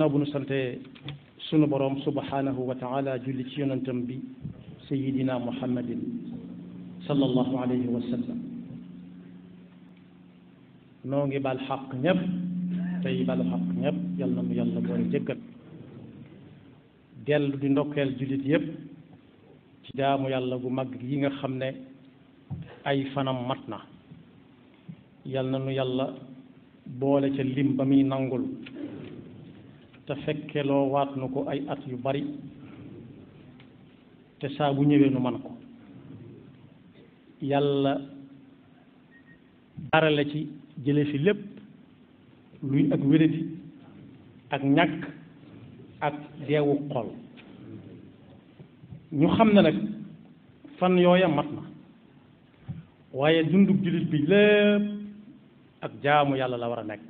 نبو نسنت سن بروم سبحانه وتعالى جل تيونتم بي سيدنا محمد صلى الله عليه وسلم نونغي بالحق نيب تي بالحق نيب يالنا مو يالنا بوي جيغال ديلو دي نوكل جوليت ييب تي دامو يالنا بو ماغ ييغا خامني اي فنام ماتنا يالنا نو يالنا بوله تي ليم بامي نانغول te fekke loo waat na ko ay at yu bari te saa bu ñëwee nu man ko yàlla dara la ci jële fi lépp luy ak wéradi ak ñakk ak deewu xol ñu xam ne nag fan yooya mat na waaye dundug jullit bi lépp ak jaamu yàlla la war a nekk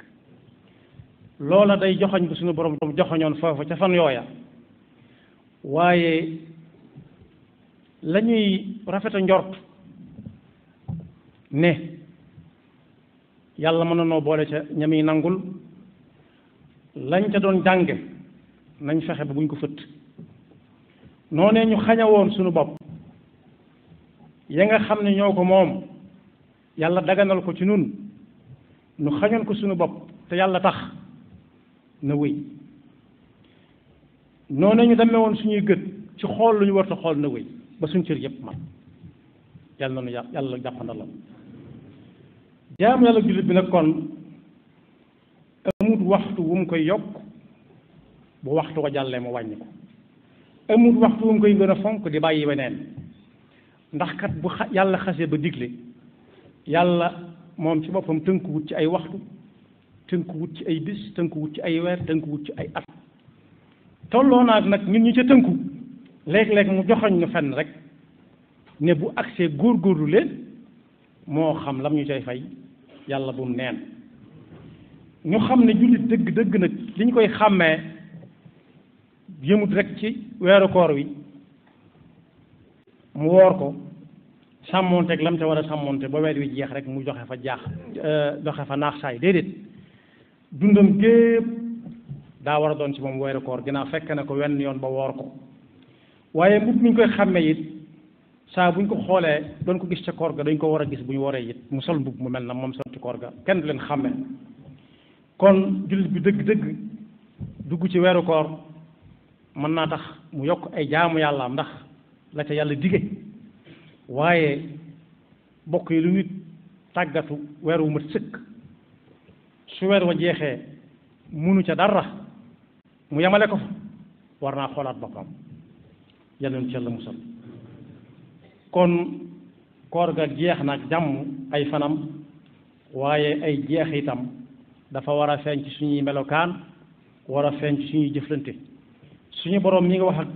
loola day joxañ bu suñu borom tam joxañoon foofu ca fan yooya waaye la ñuy rafeta njort ne yàlla mën na noo boole ca yi nangul lañ ca doon jànge nañ fexe ba buñ ko fëtt noonee ñu xañawoon suñu bopp ya nga xam ne ñoo ko moom yàlla daganal ko ci nun nu xañoon ko suñu bopp te yàlla tax na wéy noonu ñu demee woon suñuy gët ci xool lu ñu warta xool na wéy ba suñ cër yëpp man yàlla na nu yàlla jàppanda la jaamu yàlla jullit bi nag kon amut waxtu wu mu koy yokk bu waxtu ko jàllee mu wàññi ko amut waxtu wu mu koy gën a fonk di bàyyi weneen ndax kat bu yàlla xasee ba digle yàlla moom ci boppam tënkuwut ci ay waxtu tënk ci ay bis tënk wut ci ay weer tënk wut ci ay at tolloo naag nag ñun ñu ci tënku léeg-léeg mu joxoñ ñu fenn rek ne bu accès góorgóorlu leen moo xam lam ñu cay fay yàlla bum mu neen ñu xam ne jullit dëgg dëgg nag li ñu koy xàmmee yëmut rek ci weeru koor wi mu woor ko sàmmoonteeg lam ca war a sàmmoonte ba weer wi jeex rek mu joxe fa jaax euh, joxe fa naax saay déedéet dundam gépp daa war a doon ci moom weeru koor ginnaaw fekk na ko wenn yoon ba woor ko waaye mbub mi ñu koy xàmme it saa bu ñu ko xoolee doon ko gis ca koor ga dañ ko war a gis bu ñu waree yit mu sol mbub mu mel na moom sol ci koor ga kenn du leen xàmme kon jullit bi dëgg-dëgg dugg ci weeru koor mën naa tax mu yokk ay jaamu yàllaam ndax la ca yàlla dige waaye bokk yi lu nit tàggatu weer mat sëkk su weer wa jeexee munu ca dara mu yemale ko war naa xoolaat boppam yal nañu ci mu musal kon koor ga jeex na ak jàmm ay fanam waaye ay jeex itam dafa war a feeñ ci suñuy melokaan war a feeñ ci suñuy jëflante suñu boroom mi ngi wax ak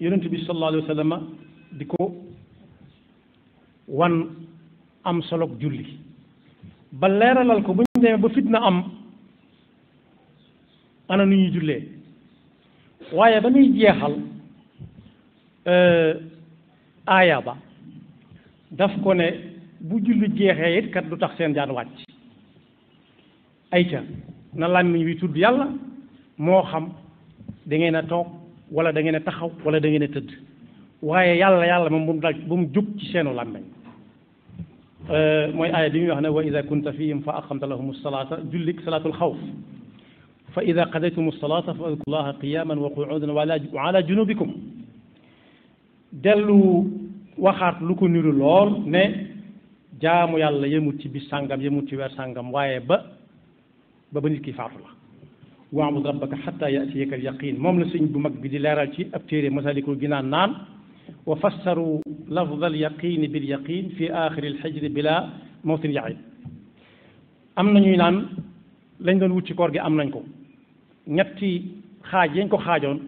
yonent bi sallallahu wa sallam di ko wan am solo julli ba leeralal ko ba demee ba fitna am ana nu ñuy jullee waaye ba muy jeexal euh, aaya ba daf ko ne bu julli jeexee it du tax seen jaan wàcc ayca na làmmiñ wi tudd yàlla moo xam dangeen a toog wala dangeen taxaw wala da tëdd waaye yàlla yàlla moom bu dal bu mu jóg ci seenu làmmiñ موي آية دي وخنا واذا كنت فيهم فاقمت لهم الصلاه جلك صلاه الخوف فاذا قضيتم الصلاه فاذكروا الله قياما وقعودا وعلى جنوبكم دلو وخات لكم نور لول ني جامو يالا يموت بي سانغام يموت وير سانغام واي با با بنيت كي فاتلا ربك حتى ياتيك اليقين موم لا سيني بو ماك بي دي ليرال نان وفسروا لفظ اليقين باليقين في آخر الحجر بلا موtin yaay am na ñuy naan lañ doon wut ci koor gi am nañ ko ñetti xaaj yañ ko xaajoon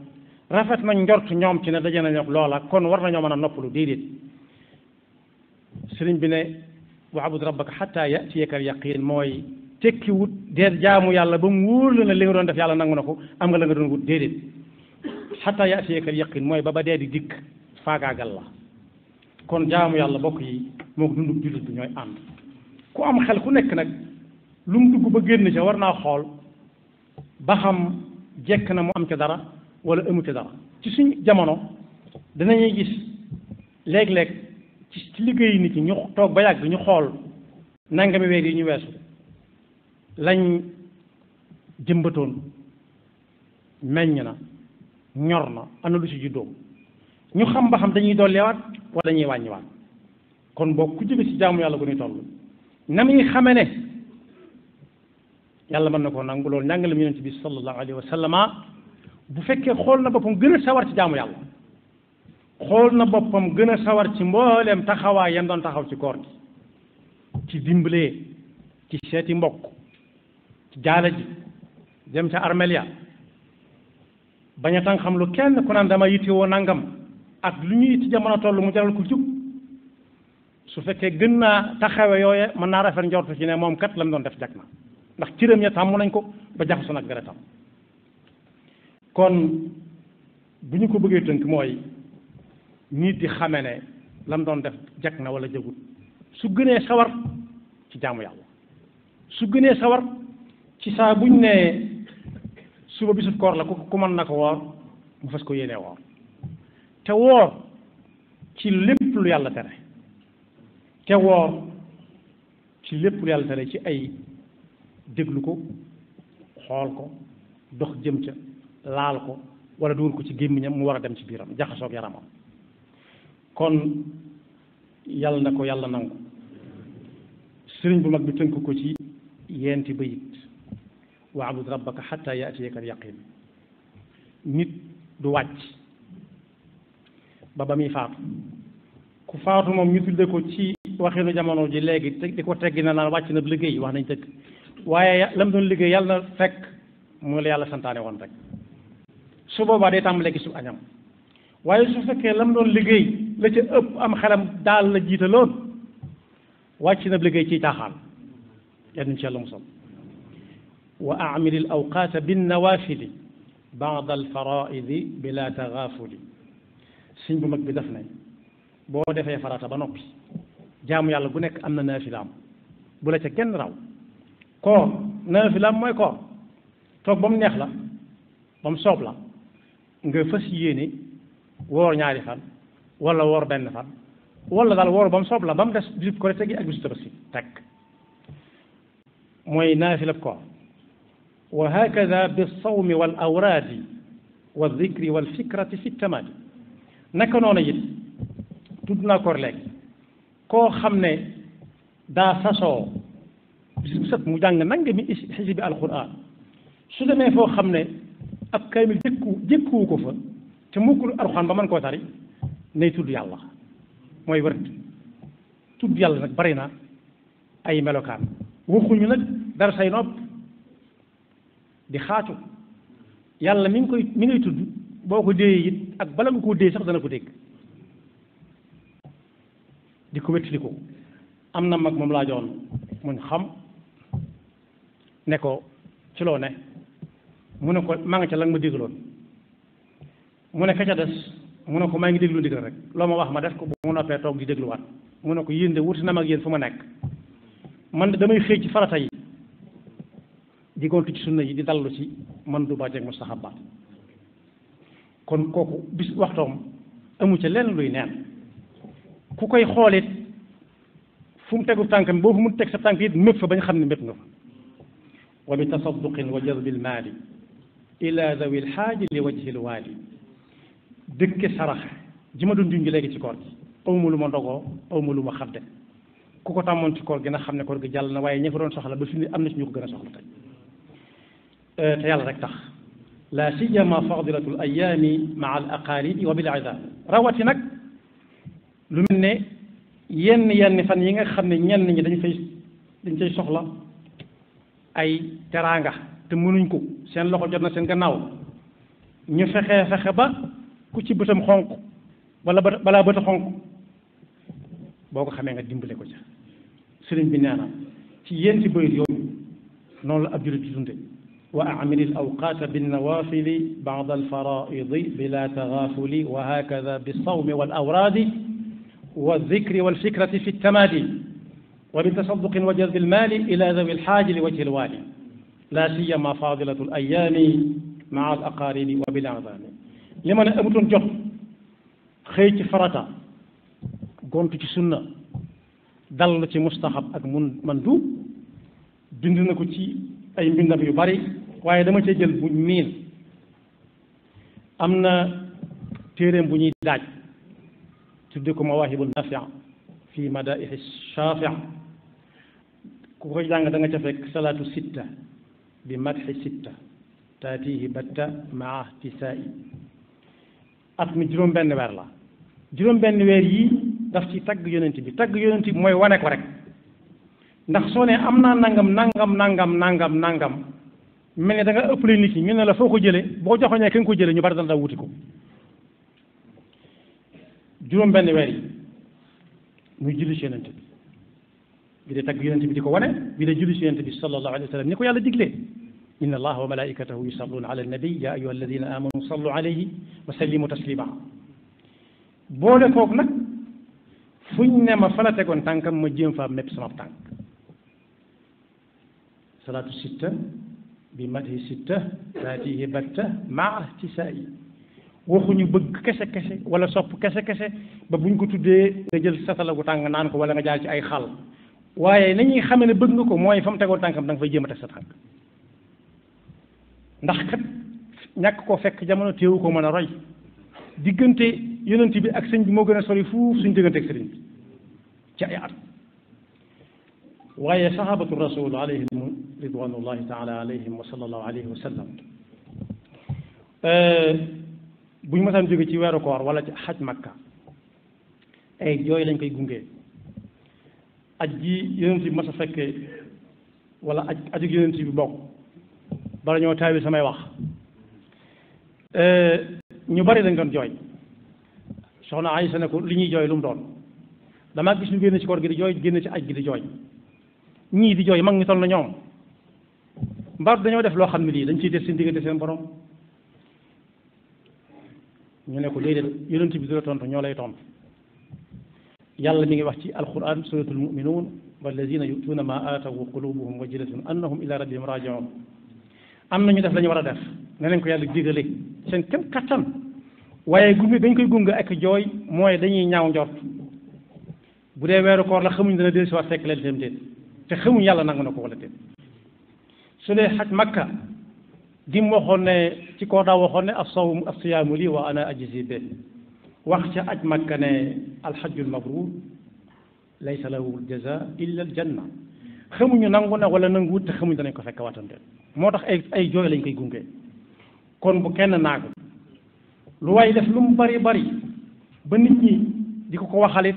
rafet nañ njort ñoom ci ne daje nañ loola kon war nañoo mën a noppalu déedéet sëriñ bi ne waabud rabbaka xata yatiyaka alyaqin mooy tekki wut dee jaamu yàlla ba mu wóor la ne li nga doon def yàlla nangu na ko am nga la nga doon wut déedéet xata yatiyaka alyaqin mooy ba ba dee di dikk faagaagal la kon jaamu yàlla bokk yi moo ko dundub jullit bi ñooy ànd ku am xel ku nekk nag lu mu dugg ba génn ca war naa xool ba xam jekk na mu am ca dara wala amu ca dara ci suñ jamono danañuy gis léeg-léeg ci ci liggéeyu nit ñi ñu toog ba yàgg ñu xool nangami weer yi ñu weesu lañ jëmbatoon meññ na ñor na am na lu ñu xam ba xam dañuy dolliwaat wala dañuy wàññiwaat kon boog ku jóge ci jaamu yàlla ko ñuy toll na muy xame ne yàlla man na koo nangu loolu njàngalam yonent bi sallallahu alayhi wa sallama bu fekkee xool na boppam gën a sawar ci jaamu yàlla xool na boppam gën a sawar ci mbooleem taxawaay yam doon taxaw ci koor gi ci dimbalee ci seeti mbokk ci jaala ji dem ca armelia bañ a tàng xam lu kenn ku naan dama yittewoo nangam ak lu ñuy ci jamono toll mu jaral ko jub su fekkee gën naa taxawe yooye mën naa rafet njortu ci ne moom kat la mu doon def jag na ndax cëram ya nañ ko ba jaxasoo nag dara kon bu ko bëggee tënk mooy nit di xame doon def jag na wala jagut su gënee sawar ci jaamu yàlla su gënee sawar ci saa buñ ne suba bisub koor la ku ku mën na ko woor mu fas ko yéenee woor te woor ci lépp lu yàlla tere te woor ci lépp lu yàlla tere ci ay déglu ko xool ko dox jëm ca laal ko wala dugal ko ci gémmiñam mu war a dem ci biiram jaxasoog yaramam kon yàlla na ko yàlla nangu sëriñ bu mag bi tënk ko ci yeenti bayit waabud rabbaka xatta yaatiyaka al yaqin nit du wàcc baba ba muy ku faatu moom ñu tudde ko ci waxinu jamono ji léegi di ko teggi na naan wàcc na liggéey wax nañ dëgg waaye lam doon liggéey yàlla na fekk mu la yàlla santaane woon rek su boobaa day tàmbalee gisu añam waaye su fekkee lam doon liggéey la ca ëpp am xelam daal la jiitaloon wàcc na liggéey ci caaxaan yal ci yàlla musal wa aamil al awqaata bin nawafili baada al faraidi bila tagaafuli suñ bu mag bi def ne boo defee farata ba noppi jaamu yàlla bu nekk am na naafilaam bu la ca genn raw koor naafilaam mooy koor toog ba mu neex la ba mu soob la nga fas yéene woor ñaari fan wala woor benn fan wala daal woor ba mu soob la ba mu des bisub korite gi ak bisub tabaski tekk mooy naafila koor wa hakada bi sawmi wal awraadi wa dhikri wal fikrati fi tamadi naka noonu it tudd naa ko léegi koo xam ne daa sasoo bis bu mu jàng nanga mi xisbi alquran su demee foo xam ne ab kaamil jëkku jëkkuwu ko fa te mukkul alquran ba mën koo tari nay tudd yàlla mooy wërd tudd yàlla nag bari na ay melokaan waxuñu nag dara say nopp di xaatu yàlla mi ngi koy mi ngay tudd boo ko déyee it ak bala nga koo déy sax dana ko dégg di ko wettali ko am na mag moom laa joxoon muñ xam ne ko ci loo ne mu ne ko maa nga ca la nga ma dégloon mu ne ka ko maa ngi déglu ndigal rek loo ma wax ma def ko bu mu noppee toog di dégluwaat mu ne ko yéen wut wuti na mag yéen fu ma nekk man de damay xëy ci farata yi di gontu ci sunna yi di dallu ci man du bàjjeeg mustahabaat kon kooku bis waxtoom amu ca lenn luy neen ku koy xoolit fu mu tegu tànkam boo fu mu teg sa tànk it mépp fa bañ xam ne mépp nga fa wa bi tasadduqin wa jazbi lmaali ila al lxaaji li wajhi al wali dëkke sarax ji ma doon junj léegi ci koor gi awma lu ma ndogoo awma lu ma xadde ku ko tàmmoon ci koor gi na xam ne koor gi jàll na waaye ñi fa doon soxla ba fi ni am na ci ñu ko gën a soxla tey te yàlla rek tax لا سيما فاضلة الأيام مع الأقاليد وبالعذاب روتي نك لمن ين ين فن ين خم ين ين دنج في دنج في شغلة أي ترانغا تمنينكو سين لقى جدنا سين كناو نفخة فخبا كتي بتم خنق ولا بلا بتم خنق boko xamé nga dimbalé ko ci sëriñ bi néna ci yeen ci bëyit yoon non la abdul tunde وأعمل الأوقات بالنوافل بعض الفرائض بلا تغافل وهكذا بالصوم والأوراد والذكر والفكرة في التمادي وبتصدق وجذب المال إلى ذوي الحاج لوجه الوالي لا سيما فاضلة الأيام مع الأقارب وبالأعظام لمن أمتن جه خيت فرطة قمت سنة دلت na ci مندوب ak mun أي du bind waaye dama cee jël buñ miin am na téeréem bu ñuy daaj tudde ko mawaahibun nafia fi madaaihi shafia ku koy jàng da nga ca fekk salaatu sitta bi madhi sitta taatihi batta maa tisaa'i at mi juróom-benn weer la juróom-benn weer yi daf ci tagg yonent bi tagg yonent bi mooy wane ko rek ndax soo ne am naa nangam nangam nangam nangam nangam mel ne da nga ëppale nit ñi ñu ne la foo ko jëlee boo joxoñee ki nga ko jëlee ñu bari dana daw wuti ko juróom benn weer yi muy julli ci yonent bi bi de tagg yonent bi di ko wane bi de julli ci yonent bi sallallahu alayhi wa sallam ni ko yàlla diglee إن الله وملائكته يصلون على النبي يا أيها الذين آمنوا صلوا عليه وسلموا تسليما boole koog nag fuñ ne ma fala tegoon tànkam ma jéem faa mépp sama tànk salaatu sitta bi mati sitta taatihi batta maa tisaa yi waxuñu bëgg kese kese wala sopp kese kese ba buñ ko tuddee nga jël satala gu tàng naan ko wala nga jaar ci ay xal waaye nañuy xamee ne bëgg nga ko mooy fa mu tegoon tànkam da nga fay jéem a teg sa tànk ndax kat ñàkk koo fekk jamono téewu ko mën a roy diggante yonent bi ak sëñ bi moo gën a sori fuuf suñ diggante ak sëriñ ci ay at waaye sahabatu rasul alayhim ridwanullahi taala alayhim wa sallallahu alayhi jóge ci weeru koor wala ci xaj makka ay jooy lañ koy gunge aj ji yonent bi mas a fekkee wala aj ajug yonent bi bokk bala ñoo taawi samay wax ñu bari dañ doon jooy soxna Aysa ne ko li ñuy jooy lu mu doon damaa gis ñu génn ci koor gi di jooy génn ci aj gi di jooy ñii di jooy mag ñi toll na ñoom mbaar dañoo def loo xam ne lii dañ ciy def seen diggante seen borom ñu ne ko déedéet yonent bi du la tontu ñoo lay tontu yàlla mi ngi wax ci alquran suratul muminuun walladina yutuuna ma aataw wa qulubuhum wajilatun annahum ila rabbihim rajiun am na ñu def lañu war a def ne nañ ko yàlla digale seen kenn kattan waaye gunge dañ koy gunge ak jooy mooy dañuy ñaw njort bu dee weeru koor la xamuñ dana te xamuñ yàlla nang na ko wala déet su dee xaj makka dim waxoon ne ci ko daa waxoon ne as sawm as wa ana ajzi be wax ca aj makka ne alxajjul mabrur laysa lahu jaza illa al janna xamuñu nangu na wala nangu wut te xamuñ danañ ko fekk waatam déet moo tax ay ay jooy lañ koy gunge kon bu kenn naagu lu way def lu mu bari bari ba nit ñi di ko ko waxalit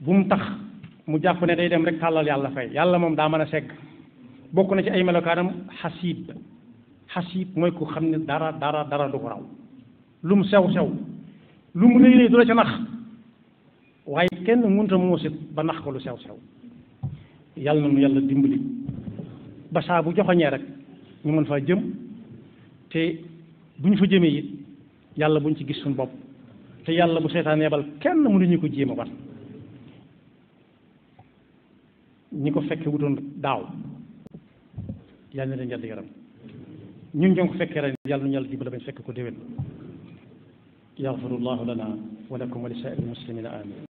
bu mu tax mu jàpp ne day dem rek tàllal yàlla fay yàlla moom daa mën a segg bokk na ci ay melokaanam xasiib xasiib mooy ko xam ne dara dara dara du ko raw lu mu sew sew lu mu rëy rëy du la ca nax waaye kenn mënut a muusit ba nax ko lu sew sew yàlla na nu yàlla dimbali basaa bu joxoñee rek ñu mën faa jëm te bu ñu fa jëmee it yàlla buñ ci gis suñu bopp te yàlla bu seytaan yebal kenn ñu ko jéem a ñi ko fekkee wutoon daaw yal na leen yàlla yaram ñun ñoo ko fekkee ren yàlla nañu yàlla dimbale bañ fekk ko déwén yaxfirullahu lana wa ko wa li saa'iril muslimina amin